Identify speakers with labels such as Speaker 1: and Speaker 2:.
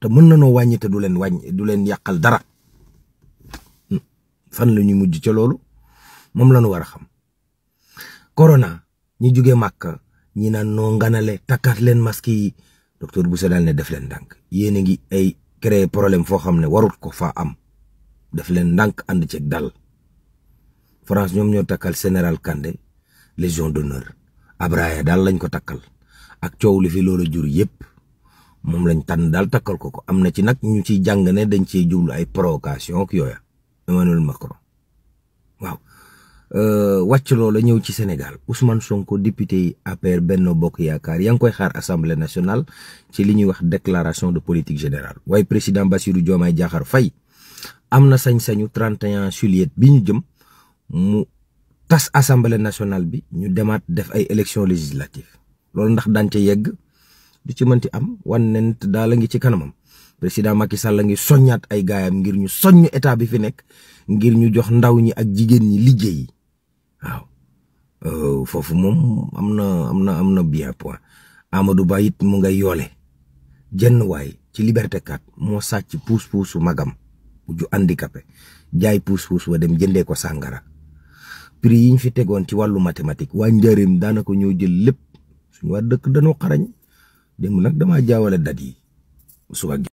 Speaker 1: te mën no wañi te du len wañ du len yakal dara hmm. fan lañu mujj ci lolu mom lañu wara xam corona ñi juggé makka ñi nan no nganalé takkaat len maski. docteur Bousso daal ne def len dank yéen ngi ay créer problème fo xamné ne warut ko fa am def len dank and ci dal France ñom ñoo takkal général Kandé légion d'honneur Abraya dal lañ ko takkal ak ciowli fi lolu jur yépp mom lañ tan dal takal ko ko amna ci nak ñu ya jang ne dañ ci jublu ay provocation ak Emmanuel Macron waaw euh, wacc loolu ñew ci Sénégal Ousmane Sonko député APR Benno bok yaakar yang koy xaar assemblée nationale ci li wax déclaration de politique générale way président Bassirou Diomaye Diakhar Fay Amna sain sañ-sañu 31 juillet biñu jëm mu tas assemblée nationale bi ñu demat def ay élection législative loolu ndax dañ ca yegg du ci mënti am wannent da la ngi ci kanamam président Macky Sall ngi soññaat ay gaayam ngir ñu soñu état bi fi nek ngir ñu jox ndaw ñi ak jigen ñi liggéey waaw euh fofu mom amna amna amna bien point Amadou bayit mu ngay yolé jenn way ci liberté kat mo sacc magam ju handicapé jaay jai puus wa dem jëndé ko sangara prix yiñ fi tegoon ci walu mathématique waa da naka ñoo jël lepp suñu wa dëkk dañu xarañ démb nag damaa jaawale dat yi suba